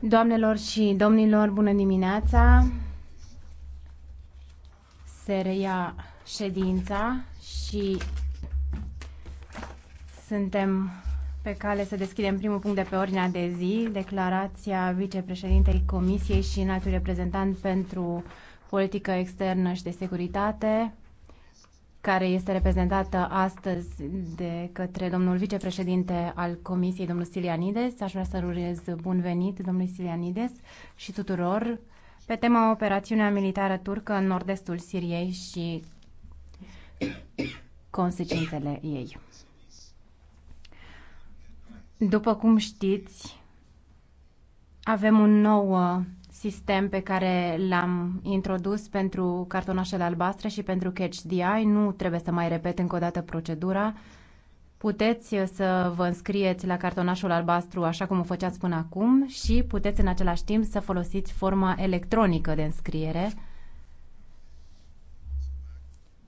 Doamnelor și domnilor, bună dimineața! Se reia ședința și suntem pe cale să deschidem primul punct de pe ordinea de zi, declarația vicepreședintei Comisiei și înaltului reprezentant pentru politică externă și de securitate, care este reprezentată astăzi de către domnul vicepreședinte al Comisiei, domnul Silianides. Aș vrea să urez bun venit domnului Silianides și tuturor pe tema operațiunea militară turcă în nord-estul Siriei și consecințele ei. După cum știți, avem un nou sistem pe care l-am introdus pentru cartonașele albastre și pentru Catch the Eye. Nu trebuie să mai repet încă o dată procedura. Puteți să vă înscrieți la cartonașul albastru așa cum o făceați până acum și puteți în același timp să folosiți forma electronică de înscriere.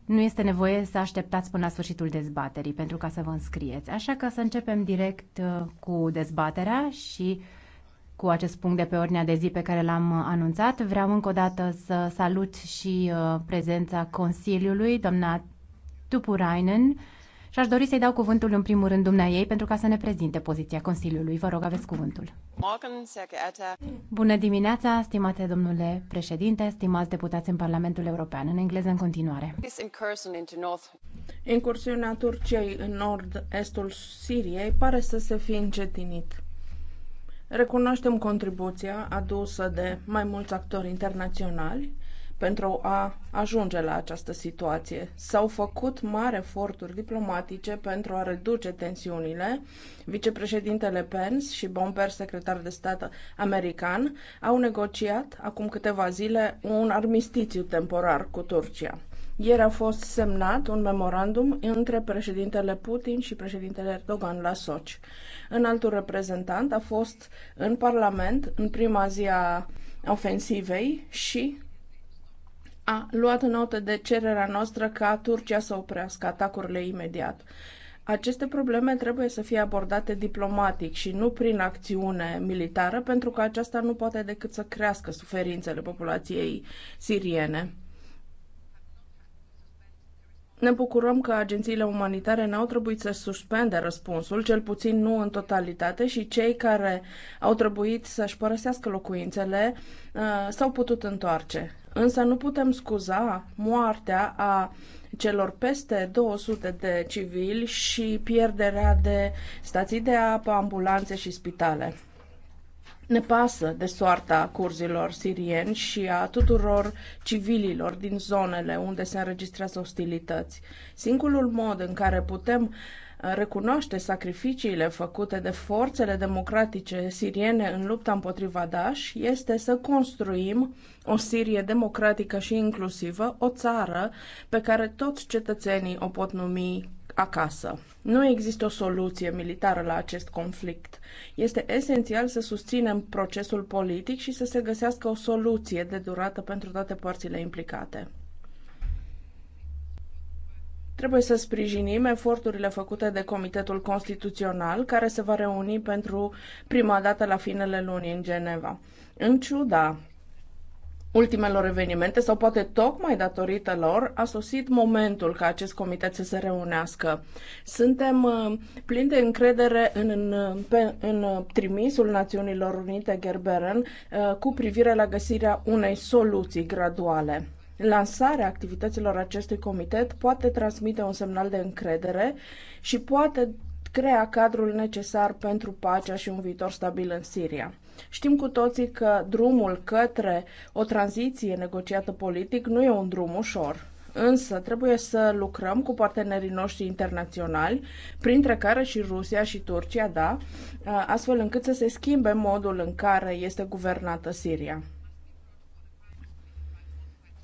Nu este nevoie să așteptați până la sfârșitul dezbaterii pentru ca să vă înscrieți. Așa că să începem direct uh, cu dezbaterea și cu acest punct de pe ordinea de zi pe care l-am uh, anunțat. Vreau încă o dată să salut și uh, prezența Consiliului, doamna Tupurainen, și aș dori să-i dau cuvântul în primul rând dumnea ei pentru ca să ne prezinte poziția Consiliului. Vă rog, aveți cuvântul. Bună dimineața, stimate domnule președinte, stimați deputați în Parlamentul European, în engleză în continuare. Incursiunea Turciei în nord-estul Siriei pare să se fi încetinit. Recunoaștem contribuția adusă de mai mulți actori internaționali pentru a ajunge la această situație. S-au făcut mari eforturi diplomatice pentru a reduce tensiunile. Vicepreședintele Pence și Bomber, secretar de stat american, au negociat acum câteva zile un armistițiu temporar cu Turcia. Ieri a fost semnat un memorandum între președintele Putin și președintele Erdogan la Sochi. În altul reprezentant a fost în Parlament în prima zi a ofensivei și a luat notă de cererea noastră ca Turcia să oprească atacurile imediat. Aceste probleme trebuie să fie abordate diplomatic și nu prin acțiune militară, pentru că aceasta nu poate decât să crească suferințele populației siriene. Ne bucurăm că agențiile umanitare n-au trebuit să suspende răspunsul, cel puțin nu în totalitate, și cei care au trebuit să-și părăsească locuințele uh, s-au putut întoarce. Însă nu putem scuza moartea a celor peste 200 de civili și pierderea de stații de apă, ambulanțe și spitale. Ne pasă de soarta curzilor sirieni și a tuturor civililor din zonele unde se înregistrează ostilități. Singurul mod în care putem uh, recunoaște sacrificiile făcute de forțele democratice siriene în lupta împotriva Daesh este să construim o Sirie democratică și inclusivă, o țară pe care toți cetățenii o pot numi acasă. Nu există o soluție militară la acest conflict. Este esențial să susținem procesul politic și să se găsească o soluție de durată pentru toate părțile implicate. Trebuie să sprijinim eforturile făcute de Comitetul Constituțional, care se va reuni pentru prima dată la finele lunii în Geneva. În ciuda ultimelor evenimente sau poate tocmai datorită lor a sosit momentul ca acest comitet să se reunească. Suntem uh, plini de încredere în, în, pe, în trimisul Națiunilor Unite Gerberen uh, cu privire la găsirea unei soluții graduale. Lansarea activităților acestui comitet poate transmite un semnal de încredere și poate crea cadrul necesar pentru pacea și un viitor stabil în Siria. Știm cu toții că drumul către o tranziție negociată politic nu e un drum ușor. Însă trebuie să lucrăm cu partenerii noștri internaționali, printre care și Rusia și Turcia, da, astfel încât să se schimbe modul în care este guvernată Siria.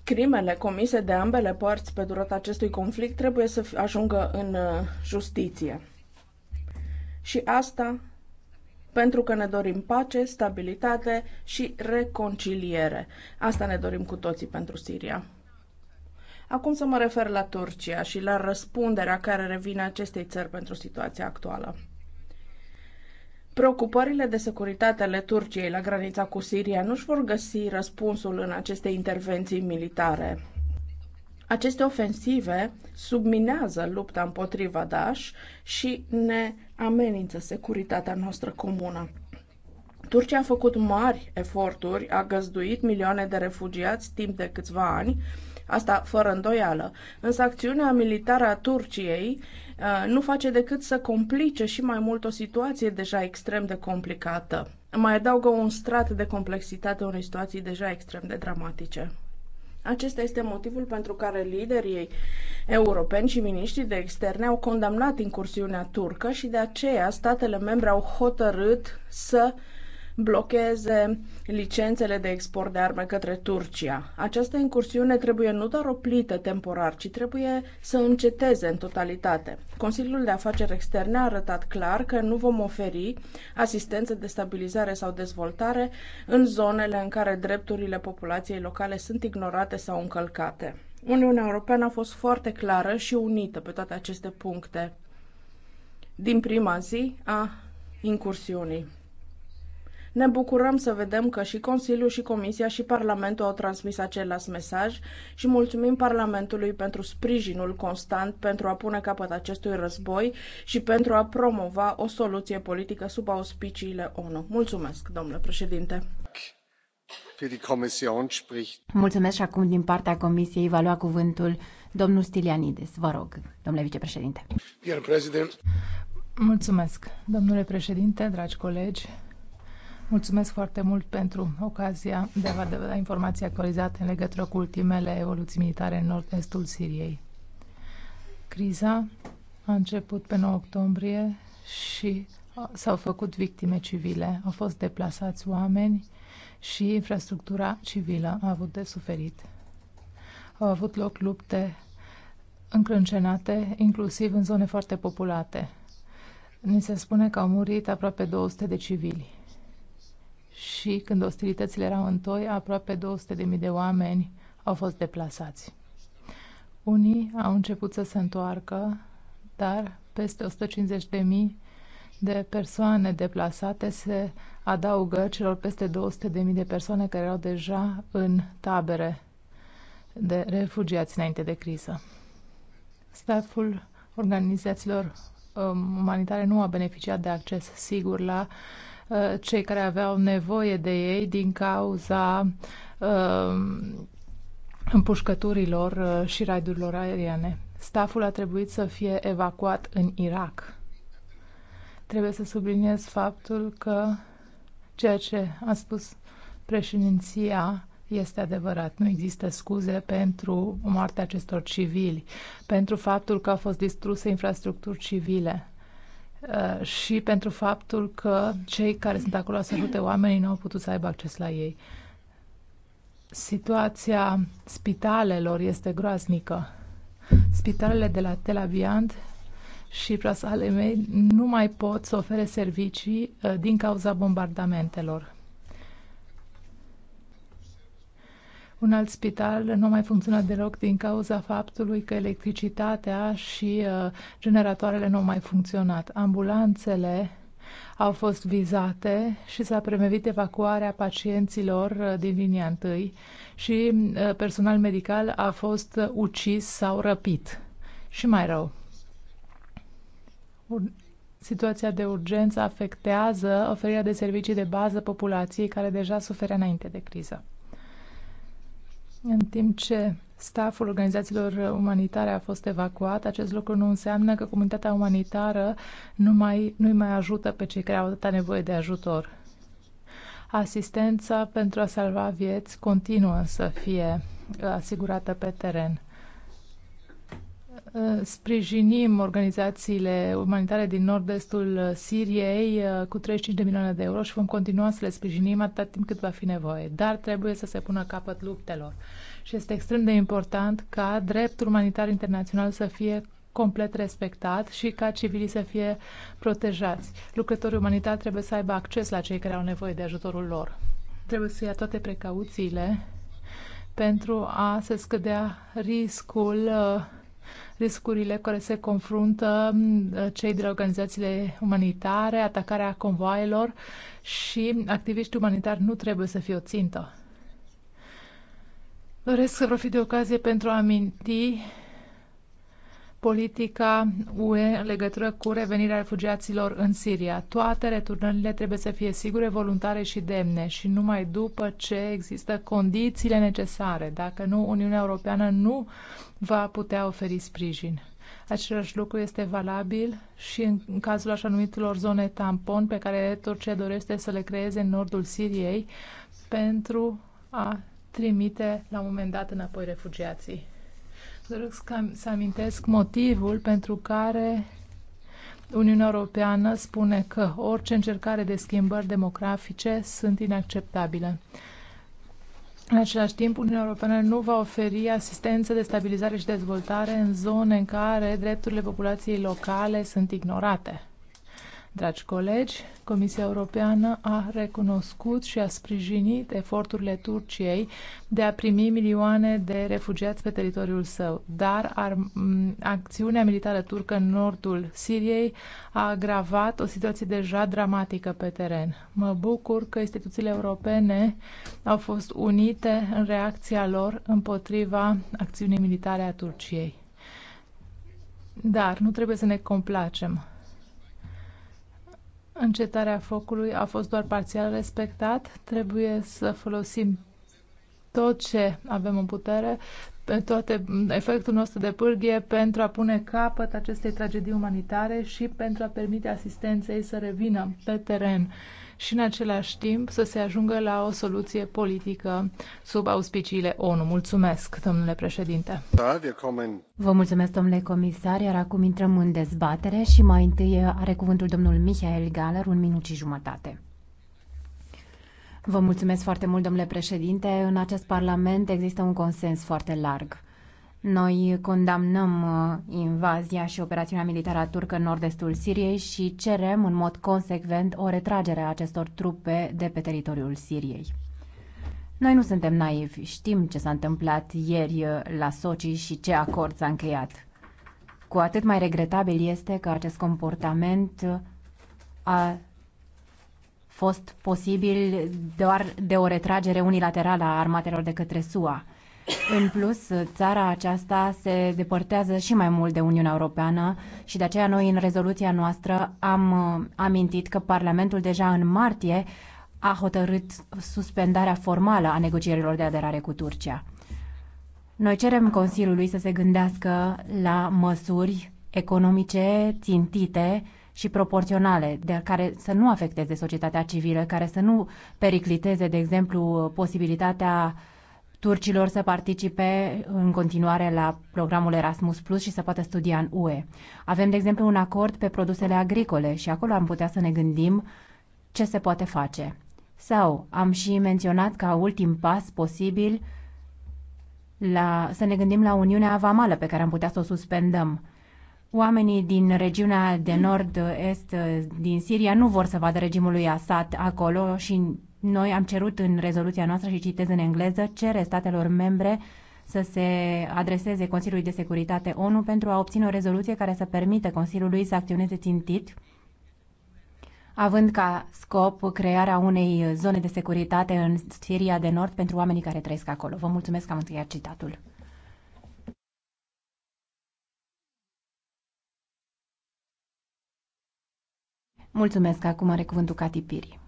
Crimele comise de ambele părți pe durata acestui conflict trebuie să ajungă în uh, justiție. Și asta pentru că ne dorim pace, stabilitate și reconciliere. Asta ne dorim cu toții pentru Siria. Acum să mă refer la Turcia și la răspunderea care revine acestei țări pentru situația actuală. Preocupările de securitate ale Turciei la granița cu Siria nu și vor găsi răspunsul în aceste intervenții militare aceste ofensive subminează lupta împotriva Daesh și ne amenință securitatea noastră comună. Turcia a făcut mari eforturi, a găzduit milioane de refugiați timp de câțiva ani, asta fără îndoială. Însă acțiunea militară a Turciei uh, nu face decât să complice și mai mult o situație deja extrem de complicată. Mai adaugă un strat de complexitate unei situații deja extrem de dramatice. Acesta este motivul pentru care liderii europeni și miniștrii de externe au condamnat incursiunea turcă și de aceea statele membre au hotărât să uh, blocheze licențele de export de arme către Turcia. Această incursiune trebuie nu doar oplită temporar, ci trebuie să înceteze în totalitate. Consiliul de Afaceri Externe a arătat clar că nu vom oferi asistență de stabilizare sau dezvoltare în zonele în care drepturile populației locale sunt ignorate sau încălcate. Uniunea Europeană a fost foarte clară și unită pe toate aceste puncte din prima zi a incursiunii. Ne bucurăm să vedem că și Consiliul și Comisia și Parlamentul au transmis același mesaj și mulțumim Parlamentului pentru sprijinul constant pentru a pune capăt acestui război și pentru a promova o soluție politică sub auspiciile ONU. Mulțumesc, domnule președinte. Mulțumesc și acum din partea Comisiei va lua cuvântul domnul Stilianides. Vă rog, domnule vicepreședinte. Mulțumesc, domnule președinte, dragi colegi. Mulțumesc foarte mult pentru ocazia de a vă da informații actualizate în legătură cu ultimele evoluții militare în nord-estul Siriei. Criza a început pe 9 octombrie și s-au făcut victime civile, au fost deplasați oameni și infrastructura civilă a avut de suferit. Au avut loc lupte încrâncenate, inclusiv în zone foarte populate. Ni se spune că au murit aproape 200 de civili și când ostilitățile erau întoi, aproape 200.000 de oameni au fost deplasați. Unii au început să se întoarcă, dar peste 150.000 de persoane deplasate se adaugă celor peste 200.000 de persoane care erau deja în tabere de refugiați înainte de criză. Staful organizațiilor um, umanitare nu a beneficiat de acces sigur la Uh, cei care aveau nevoie de ei din cauza uh, împușcăturilor uh, și raidurilor aeriene. Staful a trebuit să fie evacuat în Irak. Trebuie să subliniez faptul că ceea ce a spus președinția este adevărat. Nu există scuze pentru moartea acestor civili, pentru faptul că au fost distruse infrastructuri civile. Uh, și pentru faptul că cei care sunt acolo să ajute oamenii nu au putut să aibă acces la ei. Situația spitalelor este groaznică. Spitalele de la Tel Aviv și prasalele mei nu mai pot să ofere servicii uh, din cauza bombardamentelor. Un alt spital nu a mai funcționat deloc din cauza faptului că electricitatea și uh, generatoarele nu au mai funcționat. Ambulanțele au fost vizate și s-a premevit evacuarea pacienților uh, din linia întâi și uh, personal medical a fost uh, ucis sau răpit. Și mai rău. Situația de urgență afectează oferirea de servicii de bază populației care deja suferea înainte de criză. În timp ce staful organizațiilor umanitare a fost evacuat, acest lucru nu înseamnă că comunitatea umanitară nu mai, nu mai ajută pe cei care au atâta nevoie de ajutor. Asistența pentru a salva vieți continuă să fie asigurată pe teren. Eh, sprijinim organizațiile umanitare din nord-estul eh, Siriei eh, cu 35 de milioane de euro și vom continua să le sprijinim atât timp cât va fi nevoie. Dar trebuie să se pună capăt luptelor. Și este extrem de important ca dreptul umanitar internațional să fie complet respectat și ca civilii să fie protejați. Lucrătorii umanitari trebuie să aibă acces la cei care au nevoie de ajutorul lor. Trebuie să ia toate precauțiile pentru a se scădea riscul uh, riscurile care se confruntă mm, cei de la organizațiile umanitare, atacarea convoaielor și activiștii umanitari nu trebuie să fie o țintă. Doresc să profit de ocazie pentru a aminti politica UE în legătură cu revenirea refugiaților în Siria. Toate returnările trebuie să fie sigure, voluntare și demne și numai după ce există condițiile necesare. Dacă nu, Uniunea Europeană nu va putea oferi sprijin. Același lucru este valabil și în cazul așa numitelor zone tampon pe care Turcia dorește să le creeze în nordul Siriei pentru a trimite la un moment dat înapoi refugiații. Doresc să amintesc motivul pentru care Uniunea Europeană spune că orice încercare de schimbări demografice sunt inacceptabile. În același timp, Uniunea Europeană nu va oferi asistență de stabilizare și dezvoltare în zone în care drepturile populației locale sunt ignorate. Dragi colegi, Comisia Europeană a recunoscut și a sprijinit eforturile Turciei de a primi milioane de refugiați pe teritoriul său, dar ar, acțiunea militară turcă în nordul Siriei a agravat o situație deja dramatică pe teren. Mă bucur că instituțiile europene au fost unite în reacția lor împotriva acțiunii militare a Turciei. Dar nu trebuie să ne complacem încetarea focului a fost doar parțial respectat. Trebuie să folosim tot ce avem în putere, toate efectul nostru de pârghie pentru a pune capăt acestei tragedii umanitare și pentru a permite asistenței să revină pe teren și în același timp să se ajungă la o soluție politică sub auspiciile ONU. Mulțumesc, domnule președinte. Da, Vă mulțumesc, domnule comisar, iar acum intrăm în dezbatere și mai întâi are cuvântul domnul Michael Galer, un minut și jumătate. Vă mulțumesc foarte mult, domnule președinte. În acest parlament există un consens foarte larg noi condamnăm uh, invazia și operațiunea militară a turcă în nord-estul Siriei și cerem în mod consecvent o retragere a acestor trupe de pe teritoriul Siriei. Noi nu suntem naivi, știm ce s-a întâmplat ieri uh, la Sochi și ce acord s-a încheiat. Cu atât mai regretabil este că acest comportament uh, a fost posibil doar de o retragere unilaterală a armatelor de către SUA. În plus, țara aceasta se depărtează și mai mult de Uniunea Europeană și de aceea noi în rezoluția noastră am uh, amintit că Parlamentul deja în martie a hotărât suspendarea formală a negocierilor de aderare cu Turcia. Noi cerem Consiliului să se gândească la măsuri economice țintite și proporționale, de care să nu afecteze societatea civilă, care să nu pericliteze, de exemplu, posibilitatea uh, turcilor să participe în continuare la programul Erasmus Plus și să poată studia în UE. Avem, de exemplu, un acord pe produsele agricole și acolo am putea să ne gândim ce se poate face. Sau am și menționat ca ultim pas posibil la, să ne gândim la Uniunea Vamală pe care am putea să o suspendăm. Oamenii din regiunea de nord-est din Siria nu vor să vadă regimul lui Assad acolo și noi am cerut în rezoluția noastră și citez în engleză, cere statelor membre să se adreseze Consiliului de Securitate ONU pentru a obține o rezoluție care să permită Consiliului să acționeze țintit, având ca scop crearea unei zone de securitate în Siria de Nord pentru oamenii care trăiesc acolo. Vă mulțumesc că am încheiat citatul. Mulțumesc. Acum are cuvântul Cati Piri.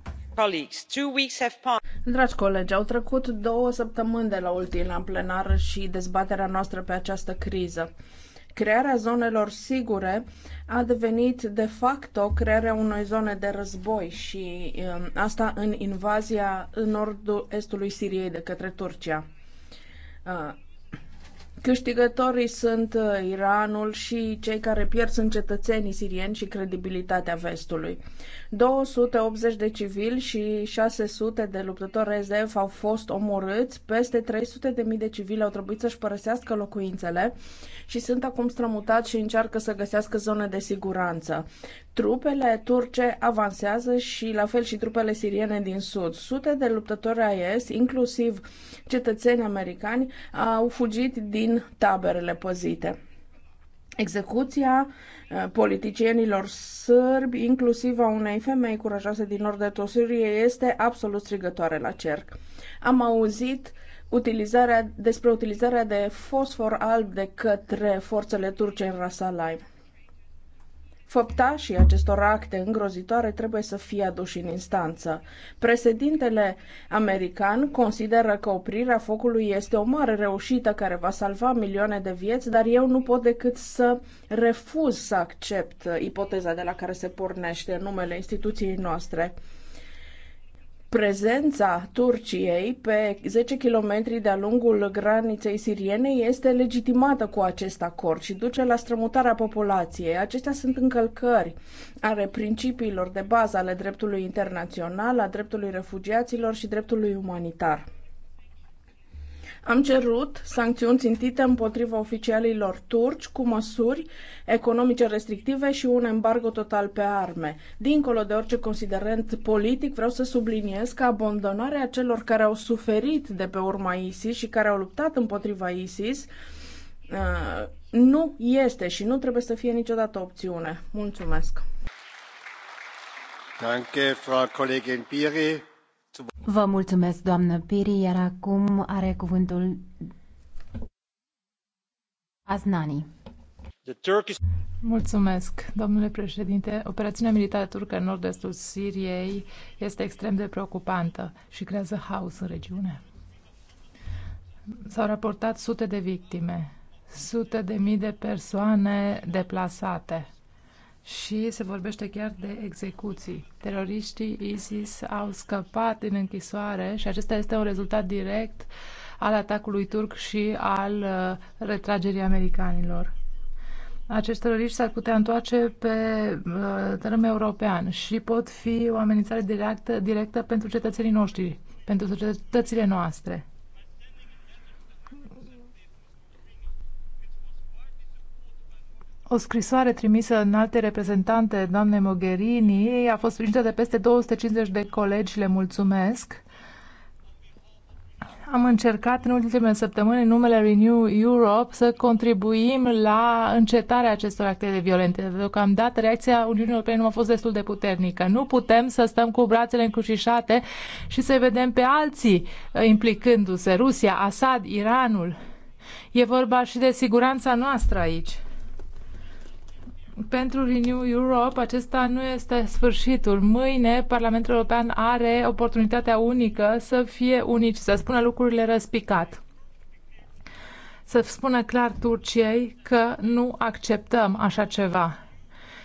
Dragi colegi, au trecut două săptămâni de la ultima plenară și dezbaterea noastră pe această criză. Crearea zonelor sigure a devenit de facto crearea unei zone de război și um, asta în invazia în nordul estului Siriei de către Turcia. Uh, câștigătorii sunt uh, Iranul și cei care pierd sunt cetățenii sirieni și credibilitatea vestului. 280 de civili și 600 de luptători rezerv au fost omorâți, peste 300 de mii de civili au trebuit să-și părăsească locuințele și sunt acum strămutați și încearcă să găsească zone de siguranță. Trupele turce avansează și la fel și trupele siriene din sud. Sute de luptători AES, inclusiv cetățeni americani, au fugit din taberele păzite. Execuția Eh, politicienilor sârbi, inclusiv a unei femei curajoase din nord-estul Tosurie, este absolut strigătoare la cer. Am auzit utilizarea, despre utilizarea de fosfor alb de către forțele turce în Rasalai. Făptașii acestor acte îngrozitoare trebuie să fie aduși în instanță. Președintele american consideră că oprirea focului este o mare reușită care va salva milioane de vieți, dar eu nu pot decât să refuz să accept ipoteza de la care se pornește numele instituției noastre prezența Turciei pe 10 km de-a lungul graniței siriene este legitimată cu acest acord și duce la strămutarea populației. Acestea sunt încălcări ale principiilor de bază ale dreptului internațional, a dreptului refugiaților și dreptului umanitar. Am cerut sancțiuni țintite împotriva oficialilor turci cu măsuri economice restrictive și un embargo total pe arme. Dincolo de orice considerent politic, vreau să subliniez că abandonarea celor care au suferit de pe urma ISIS și care au luptat împotriva ISIS uh, nu este și nu trebuie să fie niciodată opțiune. Mulțumesc! Danke, Frau Kollegin Piri. Vă mulțumesc, doamnă Piri, iar acum are cuvântul Aznani. Mulțumesc, domnule președinte. Operațiunea militară turcă în nord-estul Siriei este extrem de preocupantă și creează haos în regiune. S-au raportat sute de victime, sute de mii de persoane deplasate și se vorbește chiar de execuții. Teroriștii ISIS au scăpat din închisoare și acesta este un rezultat direct al atacului turc și al uh, retragerii americanilor. Acești teroriști s-ar putea întoarce pe uh, teren european și pot fi o amenințare directă, directă pentru cetățenii noștri, pentru societățile noastre. O scrisoare trimisă în alte reprezentante, doamne Mogherini, a fost primită de peste 250 de colegi, le mulțumesc. Am încercat în ultimele săptămâni, în numele Renew Europe, să contribuim la încetarea acestor acte de violente. Deocamdată, reacția Uniunii Europene nu a fost destul de puternică. Nu putem să stăm cu brațele încrucișate și să vedem pe alții uh, implicându-se. Rusia, Assad, Iranul. E vorba și de siguranța noastră aici pentru Renew Europe acesta nu este sfârșitul. Mâine Parlamentul European are oportunitatea unică să fie unici, să spună lucrurile răspicat. Să spună clar Turciei că nu acceptăm așa ceva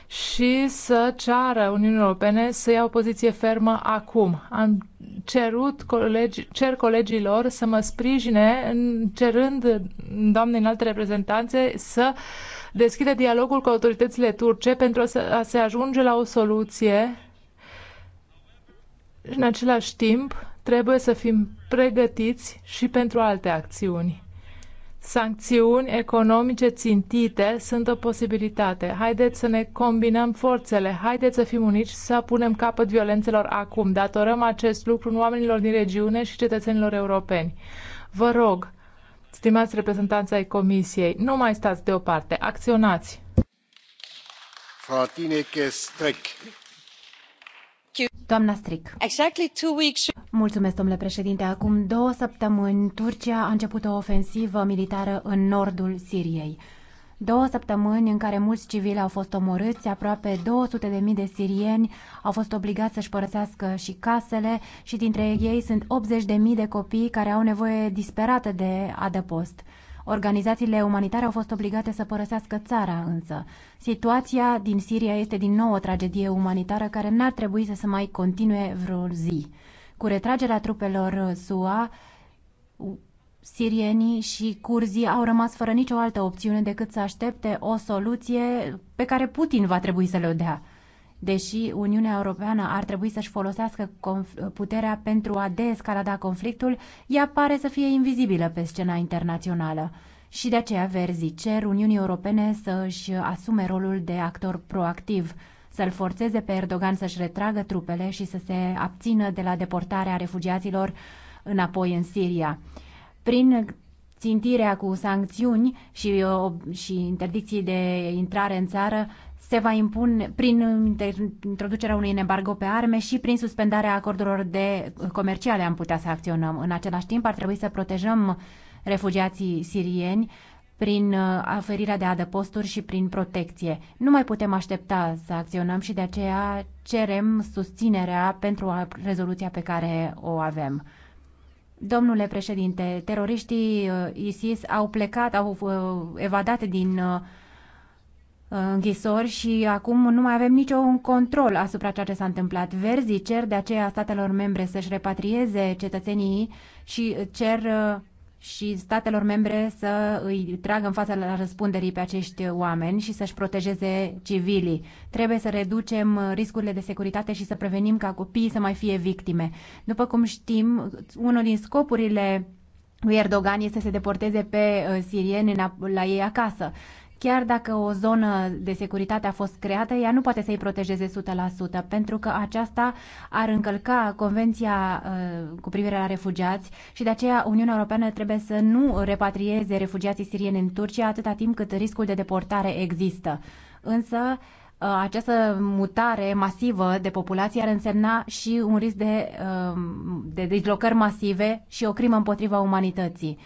și să ceară Uniunii Europene să ia o poziție fermă acum. Am cerut colegi, cer colegilor să mă sprijine cerând doamnei înalte reprezentanțe să uh, deschide dialogul cu autoritățile turce pentru a se ajunge la o soluție. În același timp, trebuie să fim pregătiți și pentru alte acțiuni. Sancțiuni economice țintite sunt o posibilitate. Haideți să ne combinăm forțele, haideți să fim uniți, să punem capăt violențelor acum. Datorăm acest lucru în oamenilor din regiune și cetățenilor europeni. Vă rog, Stimați reprezentanți ai Comisiei, nu mai stați deoparte, acționați! Doamna Stric. Exactly two weeks... Mulțumesc, domnule președinte. Acum două săptămâni, Turcia a început o ofensivă militară în nordul Siriei. Două săptămâni în care mulți civili au fost omorâți, aproape 200.000 de sirieni au fost obligați să-și părăsească și casele și dintre ei sunt 80.000 de copii care au nevoie disperată de adăpost. Organizațiile umanitare au fost obligate să părăsească țara însă. Situația din Siria este din nou o tragedie umanitară care n-ar trebui să se mai continue vreo zi. Cu retragerea trupelor SUA, sirienii și curzii au rămas fără nicio altă opțiune decât să aștepte o soluție pe care Putin va trebui să le dea. Deși Uniunea Europeană ar trebui să-și folosească puterea pentru a deescalada conflictul, ea pare să fie invizibilă pe scena internațională. Și de aceea Verzi cer Uniunii Europene să-și asume rolul de actor proactiv, să-l forțeze pe Erdogan să-și retragă trupele și să se abțină de la deportarea refugiaților înapoi în Siria prin țintirea cu sancțiuni și, și interdicții de intrare în țară se va impune prin introducerea unui embargo pe arme și prin suspendarea acordurilor de comerciale am putea să acționăm. În același timp ar trebui să protejăm refugiații sirieni prin uh, oferirea de adăposturi și prin protecție. Nu mai putem aștepta să acționăm și de aceea cerem susținerea pentru rezoluția pe care o avem. Domnule președinte, teroriștii uh, ISIS au plecat, au uh, evadat din uh, închisori și acum nu mai avem niciun control asupra ceea ce s-a întâmplat. Verzii cer de aceea statelor membre să-și repatrieze cetățenii și cer și statelor membre să îi tragă în fața la răspunderii pe acești oameni și să-și protejeze civilii. Trebuie să reducem riscurile de securitate și să prevenim ca copiii să mai fie victime. După cum știm, unul din scopurile lui Erdogan este să se deporteze pe uh, sirieni la ei acasă. Chiar dacă o zonă de securitate a fost creată, ea nu poate să-i protejeze 100%, pentru că aceasta ar încălca Convenția uh, cu privire la refugiați și de aceea Uniunea Europeană trebuie să nu repatrieze refugiații sirieni în Turcia atâta timp cât riscul de deportare există. Însă, uh, această mutare masivă de populație ar însemna și un risc de, uh, de dislocări masive și o crimă împotriva umanității.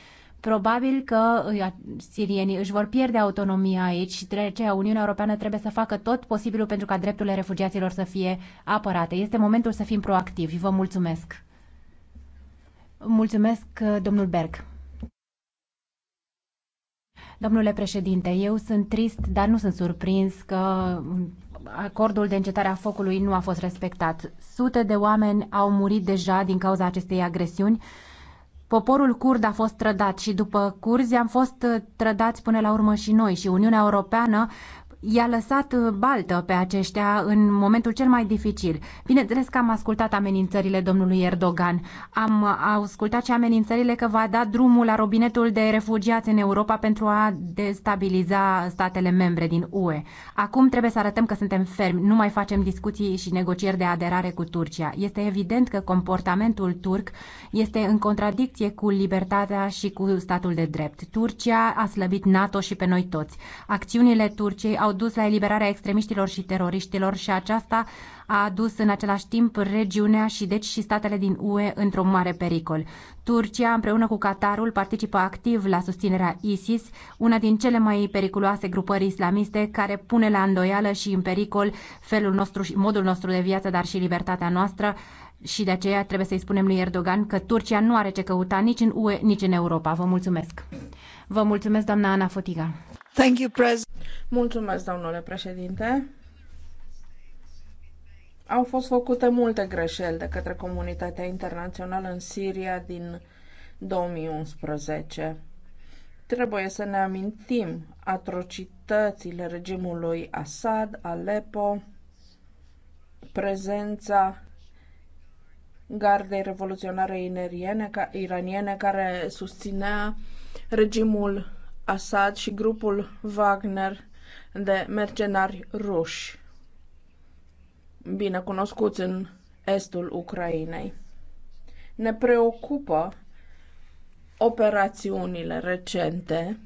Probabil că uh, sirienii își vor pierde autonomia aici și de Uniunea Europeană trebuie să facă tot posibilul pentru ca drepturile refugiaților să fie apărate. Este momentul să fim proactivi. Vă mulțumesc. Mulțumesc, uh, domnul Berg. Domnule președinte, eu sunt trist, dar nu sunt surprins că acordul de încetare a focului nu a fost respectat. Sute de oameni au murit deja din cauza acestei agresiuni Poporul curd a fost trădat și după curzi am fost trădați până la urmă și noi și Uniunea Europeană i-a lăsat uh, baltă pe aceștia în momentul cel mai dificil. Bineînțeles că am ascultat amenințările domnului Erdogan. Am uh, ascultat și amenințările că va da drumul la robinetul de refugiați în Europa pentru a destabiliza statele membre din UE. Acum trebuie să arătăm că suntem fermi, nu mai facem discuții și negocieri de aderare cu Turcia. Este evident că comportamentul turc este în contradicție cu libertatea și cu statul de drept. Turcia a slăbit NATO și pe noi toți. Acțiunile Turciei au dus la eliberarea extremiștilor și teroriștilor și aceasta a adus în același timp regiunea și deci și statele din UE într-un mare pericol. Turcia împreună cu Qatarul participă activ la susținerea ISIS, una din cele mai periculoase grupări islamiste care pune la îndoială și în pericol felul nostru și modul nostru de viață, dar și libertatea noastră și de aceea trebuie să-i spunem lui Erdogan că Turcia nu are ce căuta nici în UE, nici în Europa. Vă mulțumesc! Vă mulțumesc, doamna Ana Fotiga! Mulțumesc, domnule președinte. Au fost făcute multe greșeli de către comunitatea internațională în Siria din 2011. Trebuie să ne amintim atrocitățile regimului Assad, Aleppo, prezența gardei revoluționare iraniene care susținea regimul Assad și grupul Wagner de mercenari ruși, bine cunoscuți în estul Ucrainei. Ne preocupă operațiunile recente,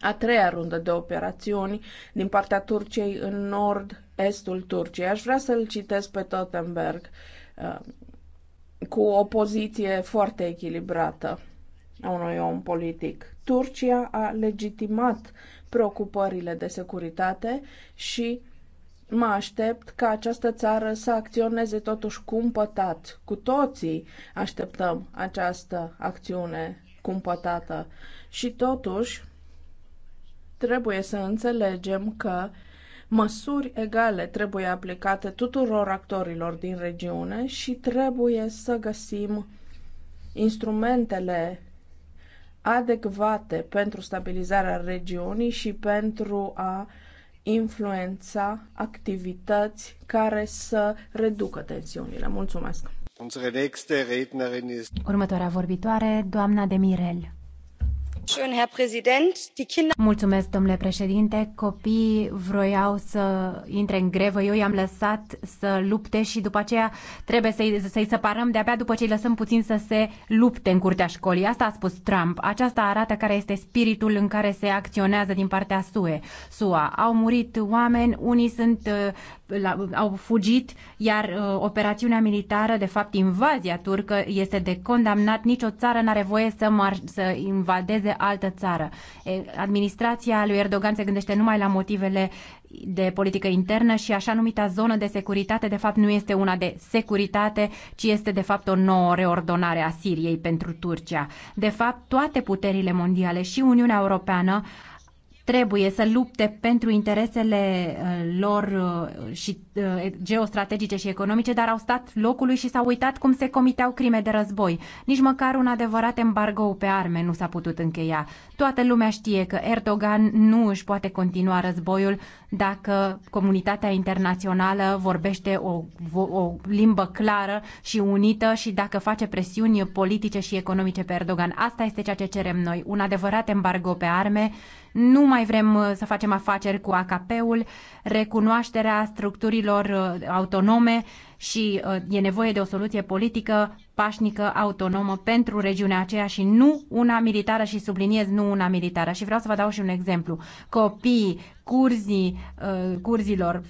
a treia rundă de operațiuni din partea Turciei în nord-estul Turciei. Aș vrea să-l citesc pe Totenberg uh, cu o poziție foarte echilibrată a unui om politic. Turcia a legitimat preocupările de securitate și mă aștept ca această țară să acționeze totuși cumpătat. Cu toții așteptăm această acțiune cumpătată. Și totuși trebuie să înțelegem că măsuri egale trebuie aplicate tuturor actorilor din regiune și trebuie să găsim instrumentele adecvate pentru stabilizarea regiunii și pentru a influența activități care să reducă tensiunile. Mulțumesc! Următoarea vorbitoare, doamna Demirel. Mulțumesc, domnule președinte. Copiii vroiau să intre în grevă, eu i-am lăsat să lupte și după aceea trebuie să-i, să-i separăm de-abia după ce îi lăsăm puțin să se lupte în curtea școlii. Asta a spus Trump. Aceasta arată care este spiritul în care se acționează din partea SUE. SUA. Au murit oameni, unii sunt la, au fugit, iar uh, operațiunea militară, de fapt invazia turcă, este de condamnat. Nicio țară n-are voie să, mar- să invadeze altă țară. E, administrația lui Erdogan se gândește numai la motivele de politică internă și așa numita zonă de securitate, de fapt, nu este una de securitate, ci este, de fapt, o nouă reordonare a Siriei pentru Turcia. De fapt, toate puterile mondiale și Uniunea Europeană trebuie să lupte pentru interesele uh, lor uh, și uh, geostrategice și economice, dar au stat locului și s-au uitat cum se comiteau crime de război. Nici măcar un adevărat embargo pe arme nu s-a putut încheia. Toată lumea știe că Erdogan nu își poate continua războiul dacă comunitatea internațională vorbește o, o limbă clară și unită și dacă face presiuni politice și economice pe Erdogan. Asta este ceea ce cerem noi, un adevărat embargo pe arme nu mai vrem uh, să facem afaceri cu AKP-ul, recunoașterea structurilor uh, autonome și uh, e nevoie de o soluție politică pașnică, autonomă pentru regiunea aceea și nu una militară și subliniez nu una militară. Și vreau să vă dau și un exemplu. Copiii, curzii, uh, curzilor,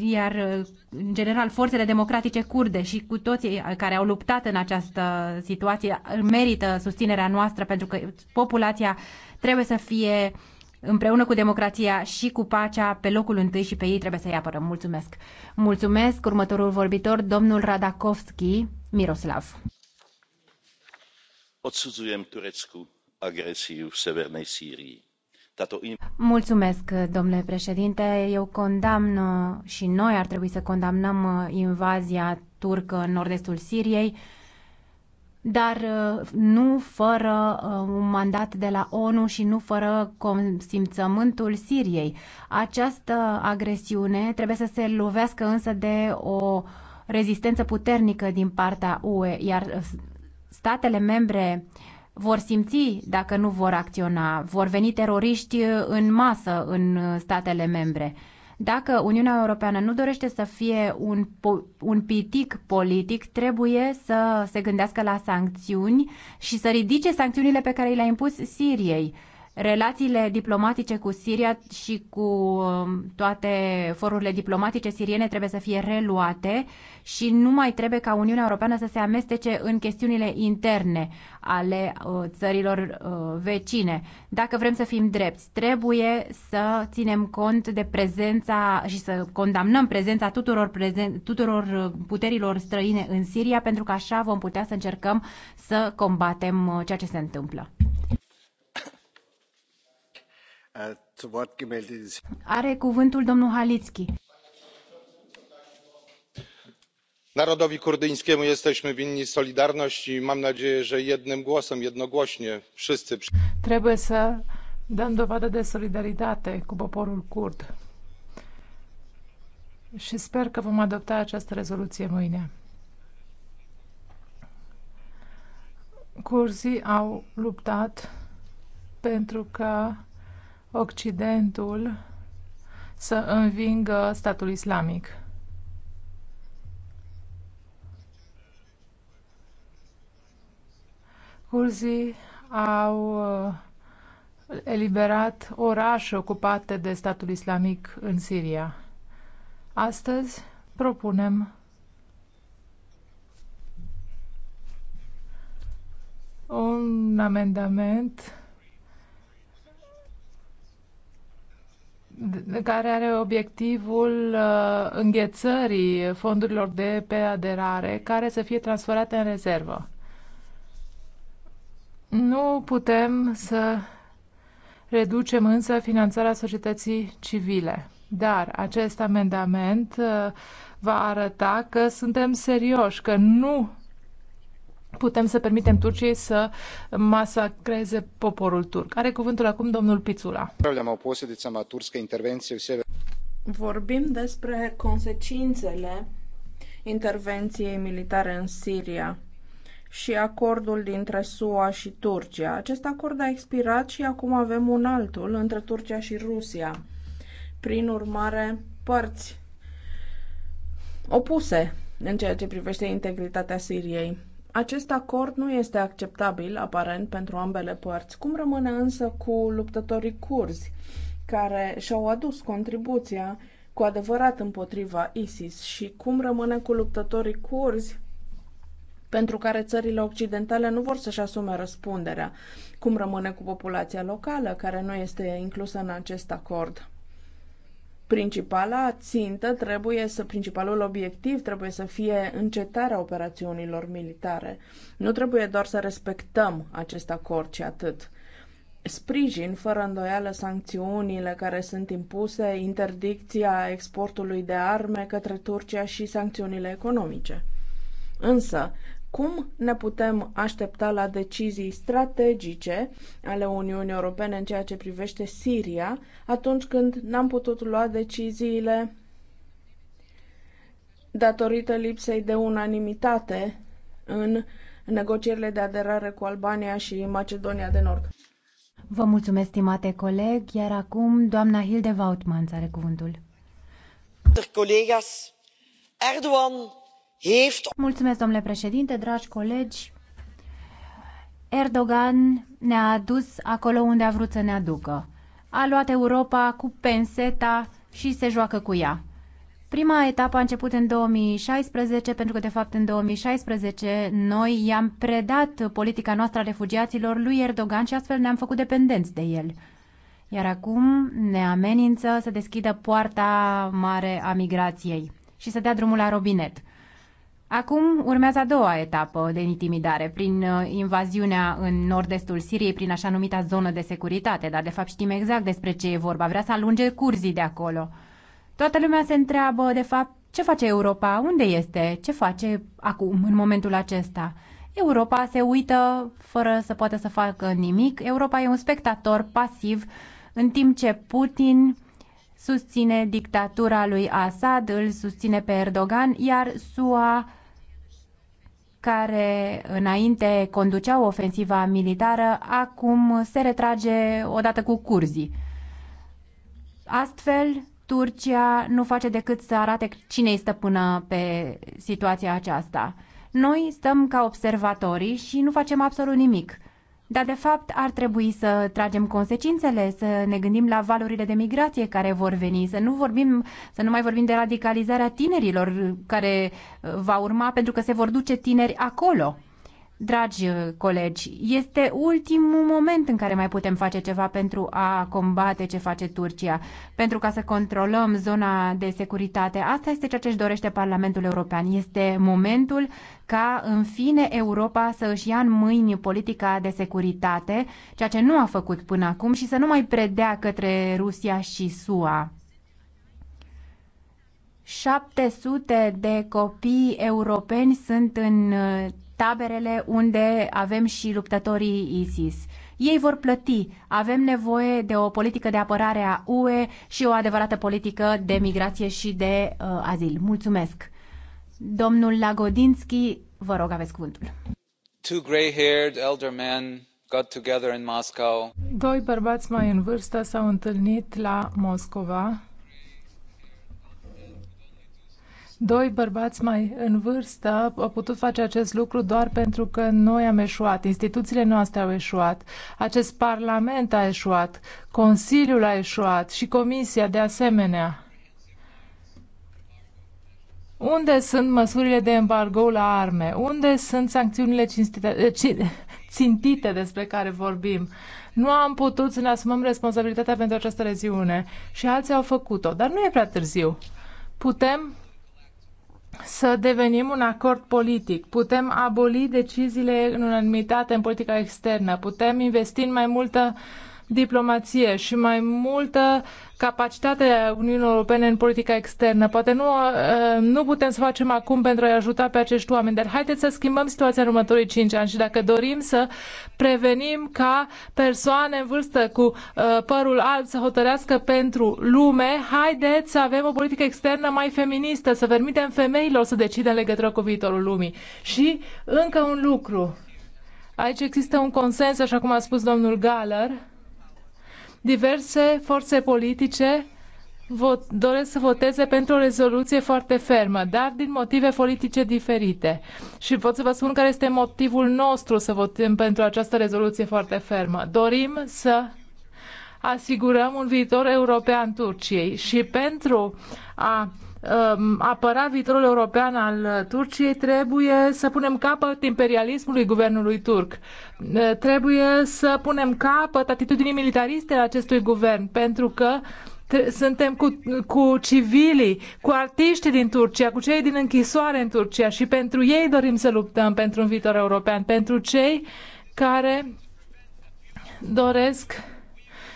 iar uh, în general forțele democratice curde și cu toții care au luptat în această situație merită susținerea noastră pentru că populația trebuie să fie uh, împreună cu democrația și cu pacea pe locul întâi și pe ei trebuie să-i apărăm. Mulțumesc! Mulțumesc! Următorul vorbitor, domnul Radakovski Miroslav. Odsudzujem turecku agresiu severnei Sirii. Mulțumesc, domnule președinte. Eu condamn uh, și noi ar trebui să condamnăm uh, invazia turcă în nord-estul Siriei dar uh, nu fără uh, un mandat de la ONU și nu fără consimțământul Siriei. Această agresiune trebuie să se lovească însă de o rezistență puternică din partea UE, iar uh, statele membre vor simți dacă nu vor acționa, vor veni teroriști în masă în statele membre. Dacă Uniunea Europeană nu dorește să fie un, po- un pitic politic, trebuie să se gândească la sancțiuni și să ridice sancțiunile pe care le-a impus Siriei. Relațiile diplomatice cu Siria și cu um, toate forurile diplomatice siriene trebuie să fie reluate și nu mai trebuie ca Uniunea Europeană să se amestece în chestiunile interne ale uh, țărilor uh, vecine. Dacă vrem să fim drepți, trebuie să ținem cont de prezența și să condamnăm prezența tuturor, prezen- tuturor uh, puterilor străine în Siria, pentru că așa vom putea să încercăm să combatem ceea ce se întâmplă. Are cuvântul domnul Halicki. narodowi kurdyjskiemu jesteśmy winni solidarność i mam nadzieję że jednym głosem jednogłośnie wszyscy. trebuie să dăm dovadă de solidaritate cu poporul curd și sper că vom adopta această rezoluție mâine. Curzii au luptat pentru ca Occidentul să învingă statul islamic. Curzii au uh, eliberat orașe ocupate de statul islamic în Siria. Astăzi propunem un amendament care are obiectivul uh, înghețării fondurilor de pe aderare care să fie transferate în rezervă. Nu putem să reducem însă finanțarea societății civile, dar acest amendament uh, va arăta că suntem serioși, că nu putem să permitem Turciei să masacreze poporul turc. Are cuvântul acum domnul Pițula. Vorbim despre consecințele intervenției militare în Siria și acordul dintre SUA și Turcia. Acest acord a expirat și acum avem un altul între Turcia și Rusia. Prin urmare, părți opuse în ceea ce privește integritatea Siriei. Acest acord nu este acceptabil, aparent, pentru ambele părți. Cum rămâne însă cu luptătorii curzi, care și-au adus contribuția cu adevărat împotriva ISIS și cum rămâne cu luptătorii curzi pentru care țările occidentale nu vor să-și asume răspunderea, cum rămâne cu populația locală care nu este inclusă în acest acord. Principala țintă trebuie să, principalul obiectiv trebuie să fie încetarea operațiunilor militare. Nu trebuie doar să respectăm acest acord și atât. Sprijin fără îndoială sancțiunile care sunt impuse, interdicția exportului de arme către Turcia și sancțiunile economice. Însă, cum ne putem aștepta la decizii strategice ale Uniunii Europene în ceea ce privește Siria atunci când n-am putut lua deciziile datorită lipsei de unanimitate în negocierile de aderare cu Albania și Macedonia de Nord? Vă mulțumesc, stimate coleg, iar acum doamna Hilde Vautmans are cuvântul. Collega's, Erdogan Mulțumesc, domnule președinte, dragi colegi. Erdogan ne-a dus acolo unde a vrut să ne aducă. A luat Europa cu penseta și se joacă cu ea. Prima etapă a început în 2016, pentru că, de fapt, în 2016 noi i-am predat politica noastră a refugiaților lui Erdogan și astfel ne-am făcut dependenți de el. Iar acum ne amenință să deschidă poarta mare a migrației și să dea drumul la robinet. Acum urmează a doua etapă de intimidare, prin uh, invaziunea în nord-estul Siriei, prin așa numita zonă de securitate, dar de fapt știm exact despre ce e vorba. Vrea să alunge curzii de acolo. Toată lumea se întreabă, de fapt, ce face Europa? Unde este? Ce face acum, în momentul acesta? Europa se uită fără să poată să facă nimic. Europa e un spectator pasiv, în timp ce Putin susține dictatura lui Assad, îl susține pe Erdogan, iar SUA care înainte conducea ofensiva militară, acum se retrage odată cu curzii. Astfel, Turcia nu face decât să arate cine este stăpână pe situația aceasta. Noi stăm ca observatorii și nu facem absolut nimic. Dar, de fapt, ar trebui să tragem consecințele, să ne gândim la valorile de migrație care vor veni, să nu, vorbim, să nu mai vorbim de radicalizarea tinerilor care uh, va urma pentru că se vor duce tineri acolo. Dragi uh, colegi, este ultimul moment în care mai putem face ceva pentru a combate ce face Turcia, pentru ca să controlăm zona de securitate. Asta este ceea ce își dorește Parlamentul European. Este momentul ca, în fine, Europa să își ia în mâini politica de securitate, ceea ce nu a făcut până acum, și să nu mai predea către Rusia și SUA. 700 de copii europeni sunt în uh, taberele unde avem și luptătorii ISIS. Ei vor plăti. Avem nevoie de o politică de apărare a UE și o adevărată politică de migrație și de uh, azil. Mulțumesc! Domnul Lagodinski, vă rog, aveți cuvântul. Two gray-haired elder men got together in Moscow. Doi bărbați mai în vârstă s-au întâlnit la Moscova Doi bărbați mai în vârstă au putut face acest lucru doar pentru că noi am eșuat, instituțiile noastre au eșuat, acest parlament a eșuat, Consiliul a eșuat și Comisia de asemenea. Unde sunt măsurile de embargo la arme? Unde sunt sancțiunile eh, țintite despre care vorbim? Nu am putut să ne asumăm responsabilitatea pentru această reziune și alții au făcut-o, dar nu e prea târziu. Putem să devenim un acord politic. Putem aboli deciziile în unanimitate în politica externă. Putem investi în mai multă uh, diplomație și mai multă capacitate a Uniunii Europene în politica externă. Poate nu, uh, nu putem să facem acum pentru a-i ajuta pe acești oameni, dar haideți să schimbăm situația în următorii 5 ani și dacă dorim să prevenim ca persoane în vârstă cu uh, părul alb să hotărească pentru lume, haideți să avem o politică externă mai feministă, să permitem femeilor să decidă în legătură cu viitorul lumii. Și încă un lucru. Aici există un consens, așa cum a spus domnul Galler, diverse forțe politice vot, doresc să voteze pentru o rezoluție foarte fermă, dar din motive politice diferite. Și pot să vă spun care este motivul nostru să votăm pentru această rezoluție foarte fermă. Dorim să asigurăm un viitor european Turciei și pentru a Um, apăra viitorul european al Turciei, trebuie să punem capăt imperialismului guvernului turc. Uh, trebuie să punem capăt atitudinii militariste a acestui guvern, pentru că suntem cu, cu civilii, cu artiștii din Turcia, cu cei din închisoare în Turcia și pentru ei dorim să luptăm pentru un viitor european, pentru cei care doresc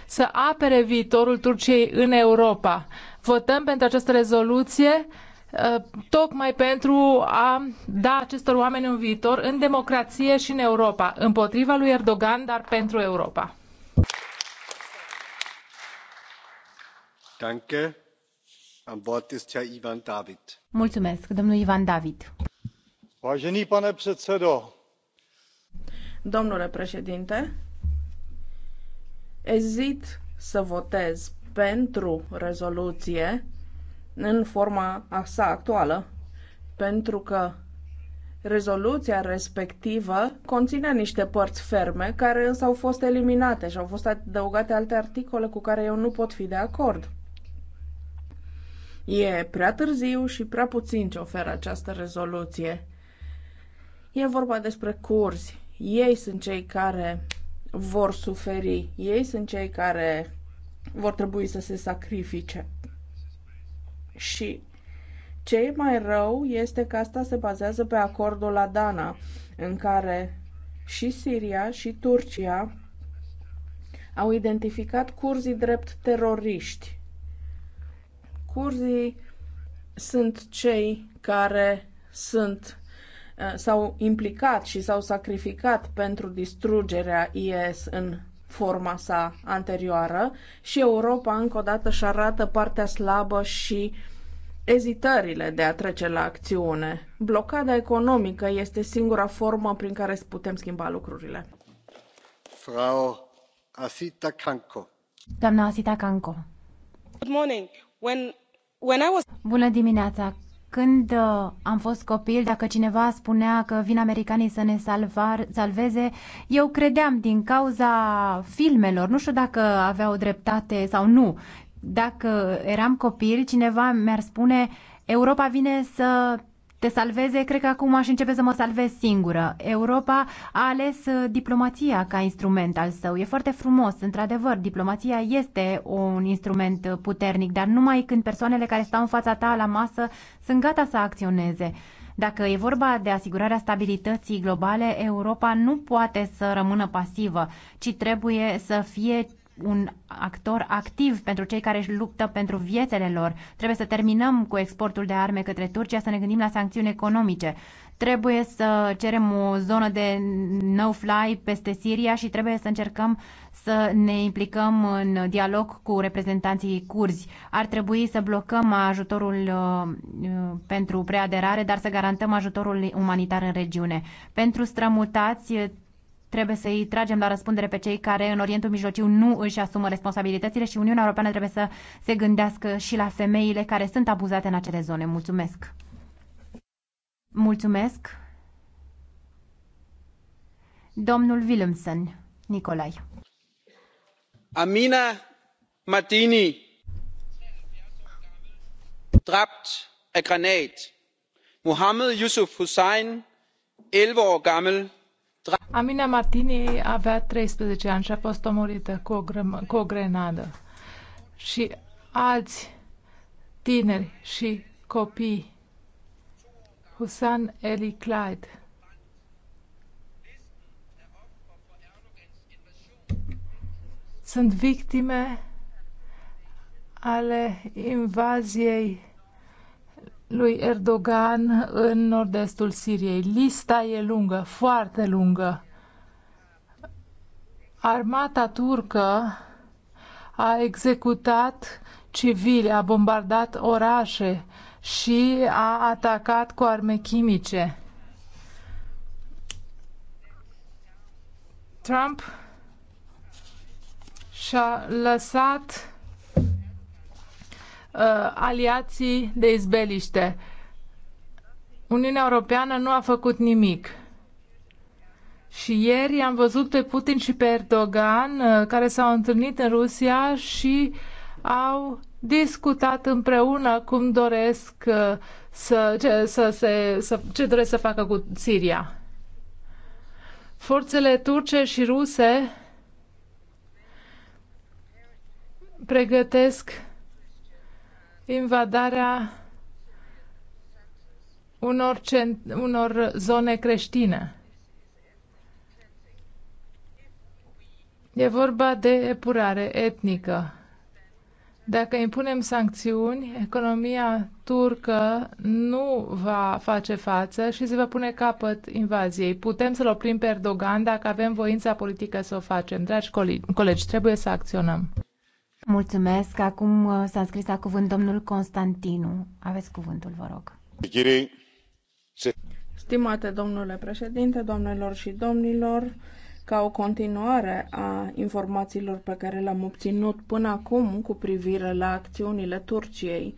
să apere viitorul Turciei în Europa. Votăm pentru această rezoluție uh, tocmai pentru a da acestor oameni un viitor în democrație și în Europa, împotriva lui Erdogan, dar pentru Europa. Danke. Am Wort ist Herr Ivan David. Mulțumesc, domnul Ivan David. Vážený pane předsedo. Domnule președinte, ezit să votez pentru rezoluție în forma sa actuală, pentru că rezoluția respectivă conține niște părți ferme care însă au fost eliminate și au fost adăugate alte articole cu care eu nu pot fi de acord. E prea târziu și prea puțin ce oferă această rezoluție. E vorba despre curzi. Ei sunt cei care vor suferi. Ei sunt cei care vor trebui să se sacrifice. Și ce e mai rău este că asta se bazează pe acordul la Dana, în care și Siria și Turcia au identificat curzii drept teroriști. Curzii sunt cei care sunt eh, s-au implicat și s-au sacrificat pentru distrugerea IS în forma sa anterioară și Europa încă o dată își arată partea slabă și ezitările de a trece la acțiune. Blocada economică este singura formă prin care putem schimba lucrurile. Frau Asita Kanko. Doamna Asita Kanko. Good morning. When, when I was... Bună dimineața! Când uh, am fost copil, dacă cineva spunea că vin americanii să ne salvar, salveze, eu credeam din cauza filmelor, nu știu dacă aveau dreptate sau nu. Dacă eram copil, cineva mi-ar spune Europa vine să te salveze, cred că acum aș începe să mă salvez singură. Europa a ales uh, diplomația ca instrument al său. E foarte frumos, într-adevăr, diplomația este un instrument uh, puternic, dar numai când persoanele care stau în fața ta la masă sunt gata să acționeze. Dacă e vorba de asigurarea stabilității globale, Europa nu poate să rămână pasivă, ci trebuie să fie un actor activ pentru cei care își luptă pentru viețile lor. Trebuie să terminăm cu exportul de arme către Turcia, să ne gândim la sancțiuni economice. Trebuie să cerem o zonă de no-fly peste Siria și trebuie să încercăm să ne implicăm în dialog cu reprezentanții curzi. Ar trebui să blocăm ajutorul uh, uh, pentru preaderare, dar să garantăm ajutorul umanitar în regiune. Pentru strămutați Trebuie să-i tragem la răspundere pe cei care în Orientul Mijlociu nu își asumă responsabilitățile și Uniunea Europeană trebuie să se gândească și la femeile care sunt abuzate în acele zone. Mulțumesc! Mulțumesc! Domnul Willemsen, Nicolai. Amina Martini, Trapt, af granat. Mohammed Yusuf Hussein, 11 år gammel, Amina Martini avea 13 ani și a fost omorită cu o, grămă, cu o grenadă. Și alți tineri și copii. Hussein Eli Clyde. Sunt victime ale invaziei lui Erdogan în nord-estul Siriei. Lista e lungă, foarte lungă. Armata turcă a executat civili, a bombardat orașe și a atacat cu arme chimice. Trump și-a lăsat Uh, aliații de izbeliște. Uniunea Europeană nu a făcut nimic. Și ieri am văzut pe Putin și pe Erdogan uh, care s-au întâlnit în Rusia și au discutat împreună cum doresc uh, să, ce, să, se, să, ce doresc să facă cu Siria. Forțele turce și ruse pregătesc invadarea unor, cent- unor zone creștine. E vorba de epurare etnică. Dacă impunem sancțiuni, economia turcă nu va face față și se va pune capăt invaziei. Putem să-l oprim pe Erdogan dacă avem voința politică să o facem. Dragi colegi, trebuie să acționăm. Mulțumesc. Acum uh, s-a înscris la cuvânt domnul Constantinu. Aveți cuvântul, vă rog. Stimate domnule președinte, domnilor și domnilor, ca o continuare a informațiilor pe care le-am obținut până acum cu privire la acțiunile Turciei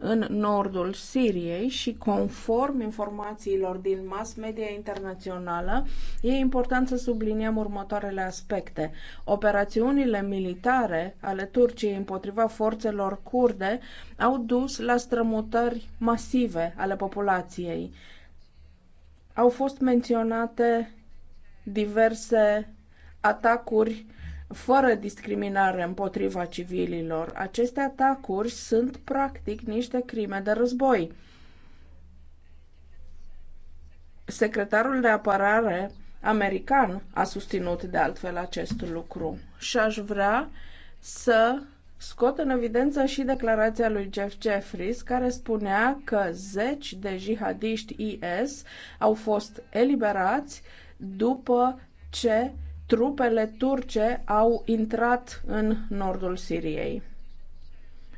în nordul Siriei și conform informațiilor din mass media internațională, e important să subliniem următoarele aspecte. Operațiunile militare ale Turciei împotriva forțelor kurde au dus la strămutări masive ale populației. Au fost menționate diverse atacuri fără discriminare împotriva civililor. Aceste atacuri sunt practic niște crime de război. Secretarul de apărare american a susținut de altfel acest lucru și aș vrea să scot în evidență și declarația lui Jeff Jeffries, care spunea că zeci de jihadiști IS au fost eliberați după ce Trupele turce au intrat în nordul Siriei.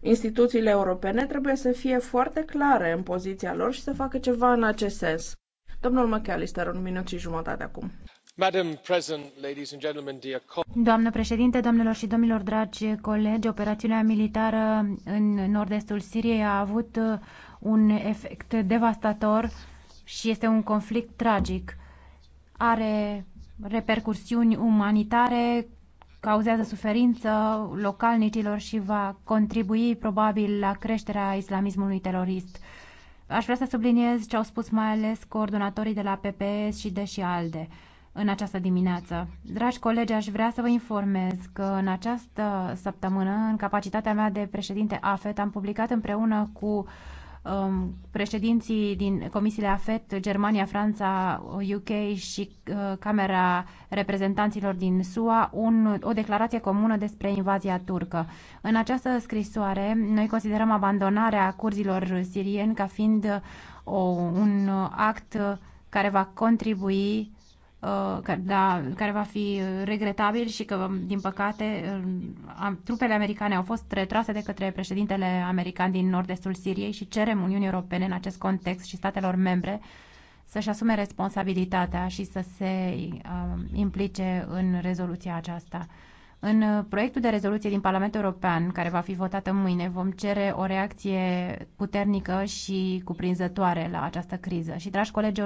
Instituțiile europene trebuie să fie foarte clare în poziția lor și să facă ceva în acest sens. Domnul McAllister, un minut și jumătate acum. Doamnă președinte, doamnelor și domnilor, dragi colegi, operațiunea militară în nord-estul Siriei a avut uh, un efect devastator și este un conflict tragic. Are repercursiuni umanitare, cauzează suferință localnicilor și va contribui probabil la creșterea islamismului terorist. Aș vrea să subliniez ce au spus mai ales coordonatorii de la PPS și de și ALDE în această dimineață. Dragi colegi, aș vrea să vă informez că în această săptămână, în capacitatea mea de președinte AFET, am publicat împreună cu uh, um, președinții din comisiile AFET, Germania, Franța, UK și uh, Camera Reprezentanților din SUA un, o declarație comună despre invazia turcă. În această scrisoare, noi considerăm abandonarea curzilor sirieni ca fiind uh, o, un act care va contribui Uh, da, care va fi regretabil și că, um, din păcate, um, trupele americane au fost retrase de către președintele american din nord-estul Siriei și cerem Uniunii Europene în acest context și statelor membre să-și asume responsabilitatea și să se um, implice în rezoluția aceasta. În uh, proiectul de rezoluție din Parlamentul European, care va fi votat mâine, vom cere o reacție puternică și cuprinzătoare la această criză. Și, dragi colegi,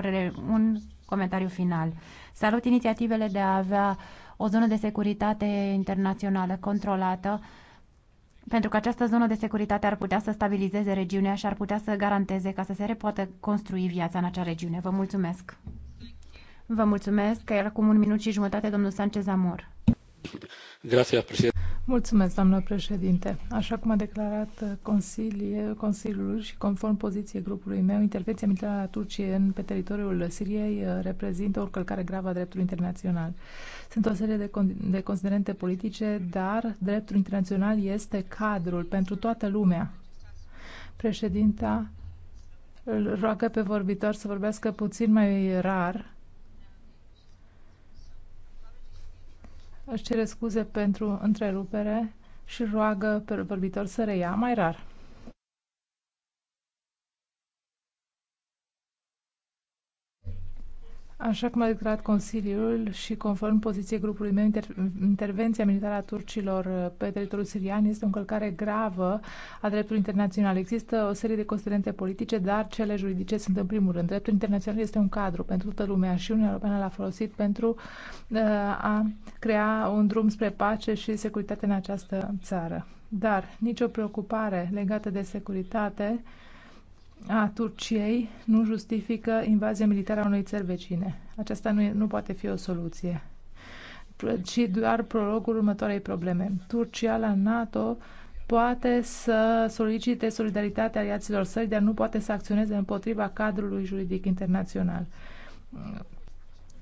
un comentariu final. Salut inițiativele de a avea o zonă de securitate internațională controlată, pentru că această zonă de securitate ar putea să stabilizeze regiunea și ar putea să garanteze ca să se repoată construi viața în acea regiune. Vă mulțumesc! Vă mulțumesc că era acum un minut și jumătate domnul Sanchez Amor. Grazie, președinte. Mulțumesc, doamnă președinte. Așa cum a declarat Consiliul, Consiliul și conform poziției grupului meu, intervenția militară a Turciei în, pe teritoriul Siriei uh, reprezintă o călcare gravă a dreptului internațional. Sunt o serie de, de considerente politice, dar dreptul internațional este cadrul pentru toată lumea. Președinta îl roagă pe vorbitor să vorbească puțin mai rar Își cere scuze pentru întrerupere și roagă pe vorbitor să reia mai rar. Așa cum a declarat Consiliul și conform poziției grupului meu, inter- intervenția militară a turcilor uh, pe teritoriul sirian este o încălcare gravă a dreptului internațional. Există o serie de considerente politice, dar cele juridice sunt în primul rând. Dreptul internațional este un cadru pentru toată lumea și Uniunea Europeană l-a folosit pentru uh, a crea un drum spre pace și securitate în această țară. Dar nicio preocupare legată de securitate uh, a Turciei nu justifică invazia militară a unei țări vecine. Aceasta nu, e, nu poate fi o soluție, ci doar prologul următoarei probleme. Turcia la NATO poate să solicite solidaritatea aliaților săi, dar nu poate să acționeze împotriva cadrului juridic internațional.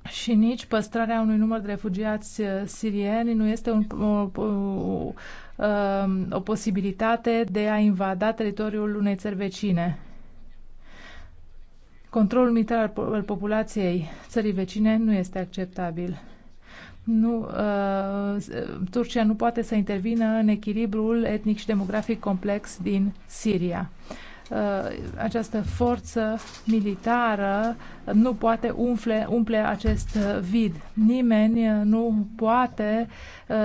Și nici păstrarea unui număr de refugiați uh, sirieni nu este un, o, o, o, um, o posibilitate de a invada teritoriul unei țări vecine Controlul militar al populației țării vecine nu este acceptabil. Nu, uh, Turcia nu poate să intervină în echilibrul etnic și demografic complex din Siria. Uh, această forță militară nu poate umfle, umple acest uh, vid. Nimeni uh, nu poate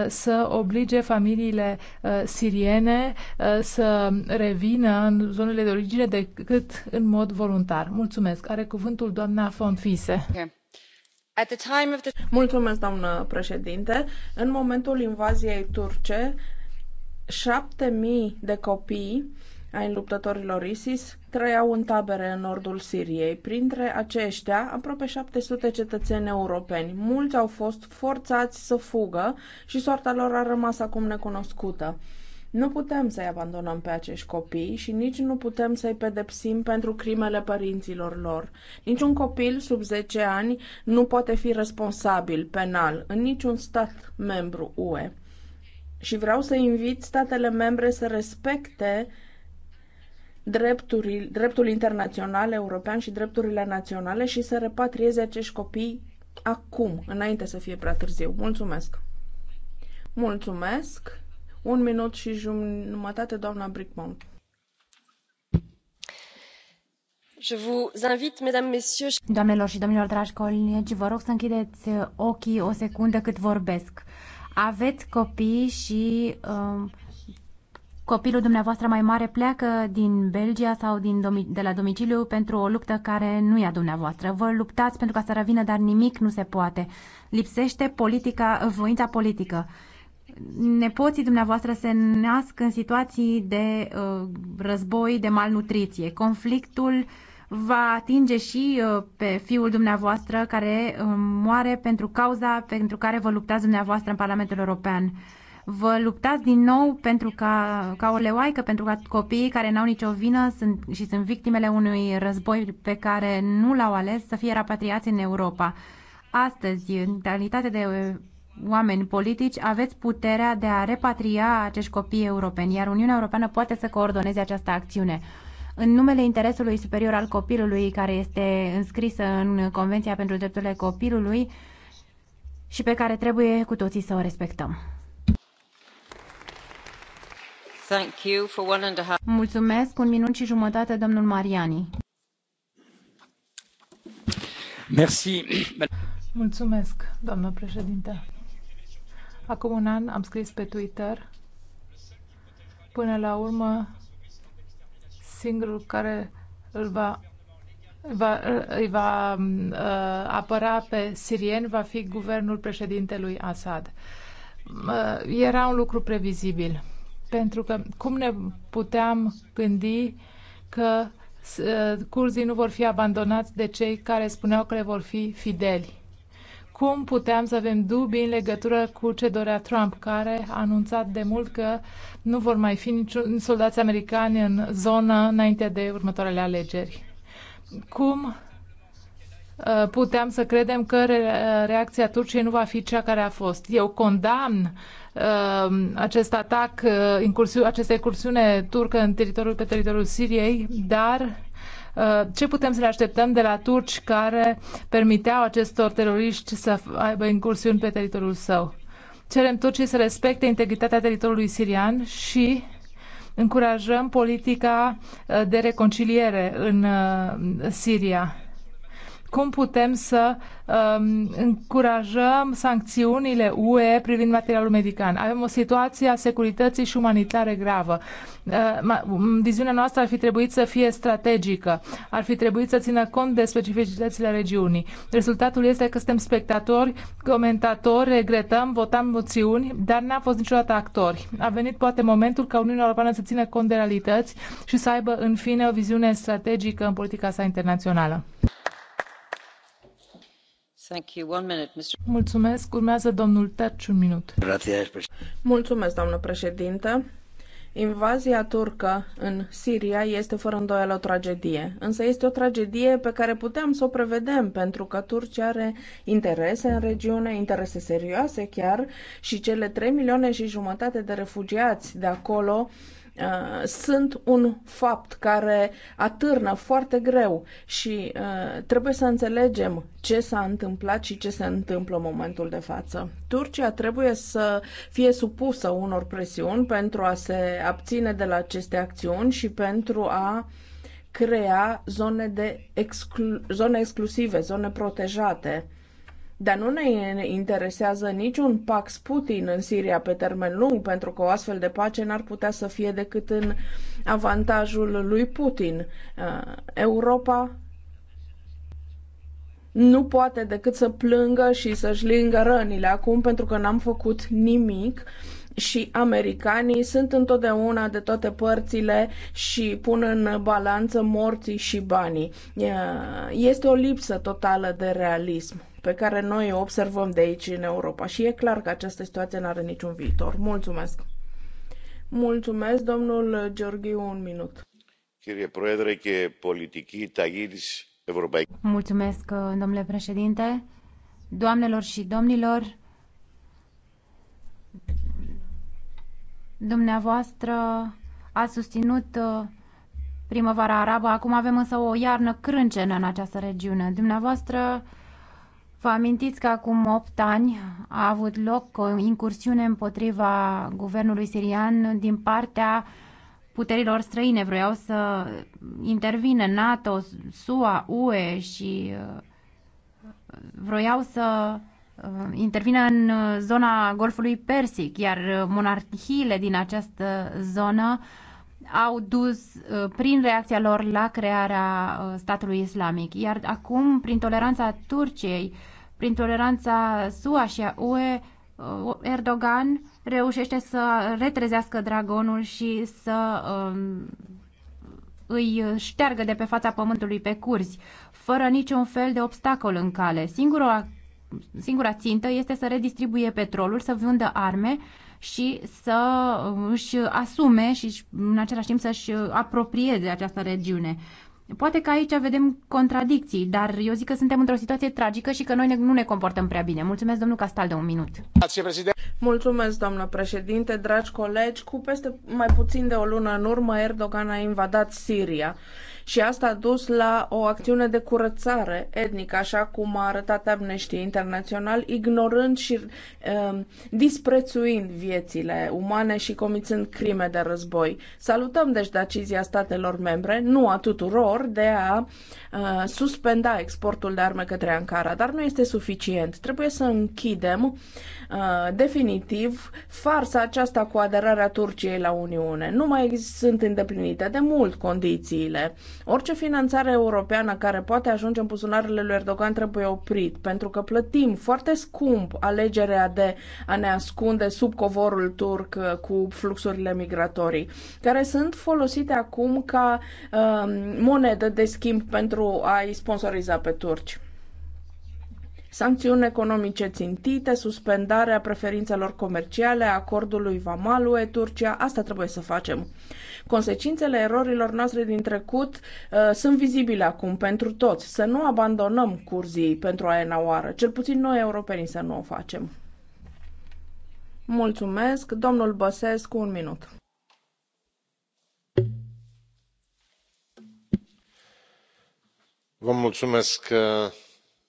să oblige familiile siriene să revină în zonele de origine decât în mod voluntar. Mulțumesc. Are cuvântul doamna Fonfise. Okay. The... Mulțumesc, doamnă președinte. În momentul invaziei turce, 7000 de copii ai luptătorilor ISIS trăiau în tabere în nordul Siriei. Printre aceștia, aproape 700 cetățeni europeni. Mulți au fost forțați să fugă și soarta lor a rămas acum necunoscută. Nu putem să-i abandonăm pe acești copii și nici nu putem să-i pedepsim pentru crimele părinților lor. Niciun copil sub 10 ani nu poate fi responsabil penal în niciun stat membru UE. Și vreau să invit statele membre să respecte drepturi, dreptul internațional european și drepturile naționale și să repatrieze acești copii acum, înainte să fie prea târziu. Mulțumesc! Mulțumesc! Un minut și jumătate, doamna Brickman. Je vous invite, mesdames, messieurs... Doamnelor și domnilor, dragi colegi, vă rog să închideți ochii o secundă cât vorbesc. Aveți copii și... Uh, copilul dumneavoastră mai mare pleacă din Belgia sau din, de la domiciliu pentru o luptă care nu e a dumneavoastră. Vă luptați pentru ca să revină, dar nimic nu se poate. Lipsește politica, voința politică. Nepoții dumneavoastră se nasc în situații de uh, război, de malnutriție. Conflictul va atinge și uh, pe fiul dumneavoastră care uh, moare pentru cauza pentru care vă luptați dumneavoastră în Parlamentul European. Uh, Vă luptați din nou pentru ca, ca o leoaică, pentru ca copiii care n-au nicio vină sunt, și sunt victimele unui război pe care nu l-au ales să fie rapatriați în Europa. Astăzi, în realitate de oameni politici, aveți puterea de a repatria acești copii europeni, iar Uniunea Europeană poate să coordoneze această acțiune în numele interesului superior al copilului care este înscrisă în Convenția pentru Drepturile Copilului și pe care trebuie cu toții să o respectăm. Mulțumesc. Un minut și jumătate, domnul Mariani. Mulțumesc, doamnă președinte. Acum un an am scris pe Twitter. Până la urmă, singurul care îl va va, îi va uh, apăra pe sirieni va fi guvernul președintelui Assad. Uh, era un lucru previzibil. Pentru că cum ne puteam gândi că uh, curzii nu vor fi abandonați de cei care spuneau că le vor fi fideli? Cum puteam să avem dubii în legătură cu ce dorea Trump, care a anunțat de mult că nu vor mai fi niciun soldați americani în zonă înainte de următoarele alegeri? Cum Uh, puteam să credem că uh, reacția Turciei nu va fi cea care a fost. Eu condamn uh, acest atac, această incursiune turcă în teritoriul, pe teritoriul Siriei, dar ce putem să ne așteptăm de la turci care permiteau acestor teroriști să aibă incursiuni pe teritoriul său? Cerem turcii să respecte integritatea teritoriului sirian și încurajăm politica de reconciliere în Siria cum putem să um, încurajăm sancțiunile UE privind materialul medical. Avem o situație a securității și umanitare gravă. Uh, viziunea noastră ar fi trebuit să fie strategică, ar fi trebuit să țină cont de specificitățile regiunii. Rezultatul este că suntem spectatori, comentatori, regretăm, votăm moțiuni, dar n-am fost niciodată actori. A venit poate momentul ca Uniunea Europeană să țină cont de realități și să aibă în fine o viziune strategică în politica sa internațională. Mulțumesc. minut. Mulțumesc, doamnă președintă. Invazia turcă în Siria este fără îndoială o tragedie, însă este o tragedie pe care putem să o prevedem, pentru că Turcia are interese în regiune, interese serioase chiar, și cele 3 milioane și jumătate de refugiați de acolo uh, Uh, sunt un fapt care atârnă foarte greu și uh, trebuie să înțelegem ce s-a întâmplat și ce se întâmplă în momentul de față. Turcia trebuie să fie supusă unor presiuni pentru a se abține de la aceste acțiuni și pentru a crea zone, de exclu- zone exclusive, zone protejate dar nu ne interesează niciun pax Putin în Siria pe termen lung, pentru că o astfel de pace n-ar putea să fie decât în avantajul lui Putin. Uh, Europa nu poate decât să plângă și să-și lingă rănile acum pentru că n-am făcut nimic și americanii sunt întotdeauna de toate părțile și pun în balanță morții și banii. Uh, este o lipsă totală de realism pe care noi o observăm de aici în Europa și e clar că această situație nu are niciun viitor. Mulțumesc! Mulțumesc, domnul Georgiu, un minut. Mulțumesc, domnule președinte, doamnelor și domnilor, dumneavoastră a susținut uh, primăvara arabă, acum avem însă o iarnă crâncenă în această regiune. Dumneavoastră Vă amintiți că acum 8 ani a avut loc o incursiune împotriva guvernului sirian din partea puterilor străine. Vroiau să intervină NATO, SUA, UE și uh, vroiau să uh, intervină în zona Golfului Persic, iar monarhiile din această zonă au dus uh, prin reacția lor la crearea uh, statului islamic. Iar acum, prin toleranța Turciei, prin toleranța SUA și a UE, uh, Erdogan reușește să retrezească dragonul și să um, îi șteargă de pe fața pământului pe curzi, fără niciun fel de obstacol în cale. Singura singura țintă este să redistribuie petrolul, să vândă arme și să uh, își asume și în același timp să-și de uh, această regiune. Poate că aici vedem contradicții, dar eu zic că suntem într-o situație tragică și că noi ne, nu ne comportăm prea bine. Mulțumesc, domnul Castal, de un minut. Mulțumesc, doamnă președinte, dragi colegi. Cu peste mai puțin de o lună în urmă, Erdogan a invadat Siria și asta a dus la o acțiune de curățare etnică, așa cum a arătat Amnesty International, ignorând și uh, disprețuind viețile umane și comițând crime de război. Salutăm deci decizia statelor membre, nu a tuturor, de a uh, suspenda exportul de arme către Ankara, dar nu este suficient. Trebuie să închidem uh, definitiv farsa aceasta cu aderarea Turciei la Uniune. Nu mai sunt îndeplinite de mult condițiile Orice finanțare europeană care poate ajunge în buzunarele lui Erdogan trebuie oprit, pentru că plătim foarte scump alegerea de a ne ascunde sub covorul turc uh, cu fluxurile migratorii, care sunt folosite acum ca uh, monedă de schimb pentru a-i sponsoriza pe turci sancțiuni economice țintite, suspendarea preferințelor comerciale, acordului Vamalue, Turcia, asta trebuie să facem. Consecințele erorilor noastre din trecut uh, sunt vizibile acum pentru toți. Să nu abandonăm curzii pentru a enaoară, cel puțin noi europenii să nu o facem. Mulțumesc. Domnul Băsescu, un minut. Vă mulțumesc uh,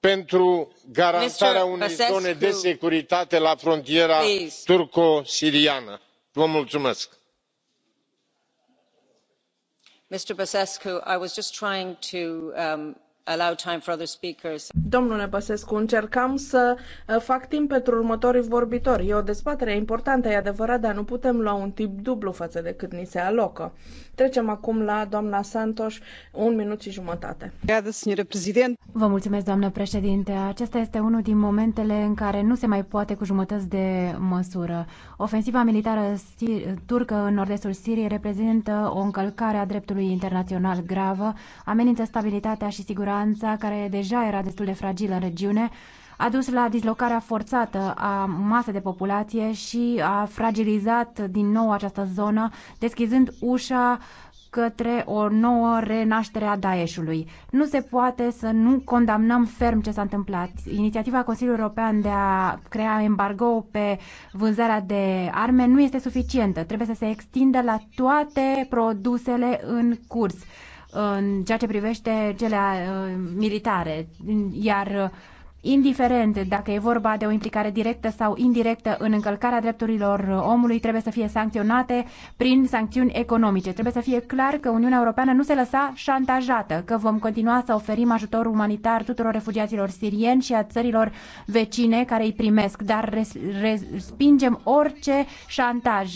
pentru garantarea unei zone de securitate la frontiera turco siriană. vă mulțumesc. Domnule Băsescu, încercam să uh, fac timp pentru următorii vorbitori. E o dezbatere importantă, e adevărat, dar nu putem lua un timp dublu față de cât ni se alocă. Trecem acum la doamna Santos, un minut și jumătate. Vă mulțumesc, doamnă președinte. Acesta este unul din momentele în care nu se mai poate cu jumătăți de măsură. Ofensiva militară turcă în nord-estul Siriei reprezintă o încălcare a dreptului internațional gravă, amenință stabilitatea și siguranța Franța, care deja era destul de fragilă în regiune, a dus la dislocarea forțată a masei de populație și a fragilizat din nou această zonă, deschizând ușa către o nouă renaștere a Daeshului. Nu se poate să nu condamnăm ferm ce s-a întâmplat. Inițiativa Consiliului European de a crea embargo pe vânzarea de arme nu este suficientă. Trebuie să se extindă la toate produsele în curs în ceea ce privește cele uh, militare, iar uh, indiferent dacă e vorba de o implicare directă sau indirectă în încălcarea drepturilor omului, trebuie să fie sancționate prin sancțiuni economice. Trebuie să fie clar că Uniunea Europeană nu se lăsa șantajată, că vom continua să oferim ajutor umanitar tuturor refugiaților sirieni și a țărilor vecine care îi primesc, dar respingem orice șantaj,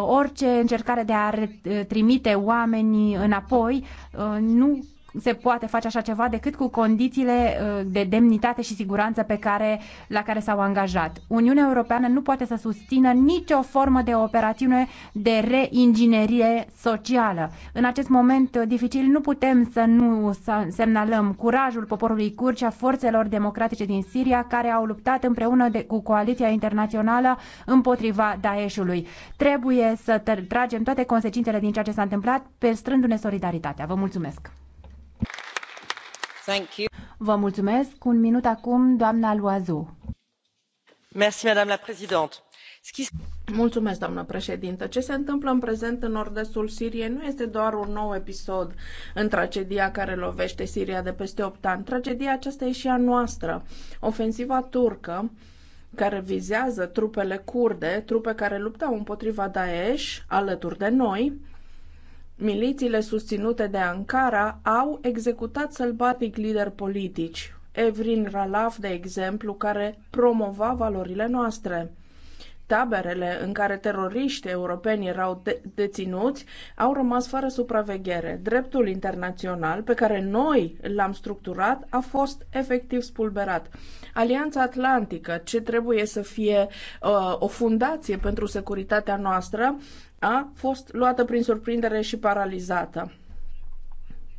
orice încercare de a trimite oamenii înapoi uh, nu se poate face așa ceva decât cu condițiile uh, de demnitate și siguranță pe care, la care s-au angajat. Uniunea Europeană nu poate să susțină nicio formă de operațiune de reinginerie socială. În acest moment uh, dificil nu putem să nu semnalăm curajul poporului curd și a forțelor democratice din Siria care au luptat împreună de, cu coaliția internațională împotriva Daeshului. Trebuie să tragem toate consecințele din ceea ce s-a întâmplat, păstrându-ne solidaritatea. Vă mulțumesc! Thank you. Vă mulțumesc. Un minut acum, doamna Loazu. Merci, madame la présidente. Mulțumesc, doamnă președintă. Ce se întâmplă în prezent în nord-estul Siriei nu este doar un nou episod în tragedia care lovește Siria de peste 8 ani. Tragedia aceasta e și a noastră. Ofensiva turcă care vizează trupele kurde, trupe care luptau împotriva Daesh alături de noi, Milițiile susținute de Ankara au executat sălbatic lideri politici, Evrin Ralaf, de exemplu, care promova valorile noastre. Taberele în care teroriști europeni erau de- deținuți au rămas fără supraveghere. Dreptul internațional pe care noi l-am structurat a fost efectiv spulberat. Alianța Atlantică, ce trebuie să fie uh, o fundație pentru securitatea noastră, a fost luată prin surprindere și paralizată.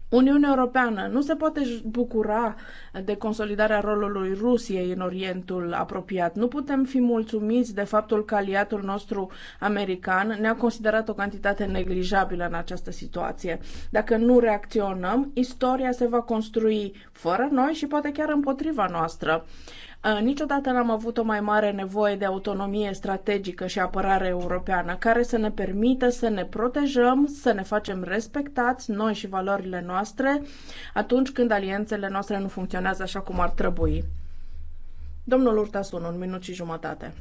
Uniunea Europeană nu se poate bucura de consolidarea rolului Rusiei în Orientul apropiat. Nu putem fi mulțumiți de faptul că aliatul nostru american ne-a considerat o cantitate neglijabilă în această situație. Dacă nu reacționăm, istoria se va construi fără noi și poate chiar împotriva noastră. Uh, niciodată n-am avut o mai mare nevoie de autonomie strategică și apărare europeană, care să ne permită să ne protejăm, să ne facem respectați noi și valorile noastre atunci când alianțele noastre nu funcționează așa cum ar trebui. Domnul Urtasun, un minut și jumătate.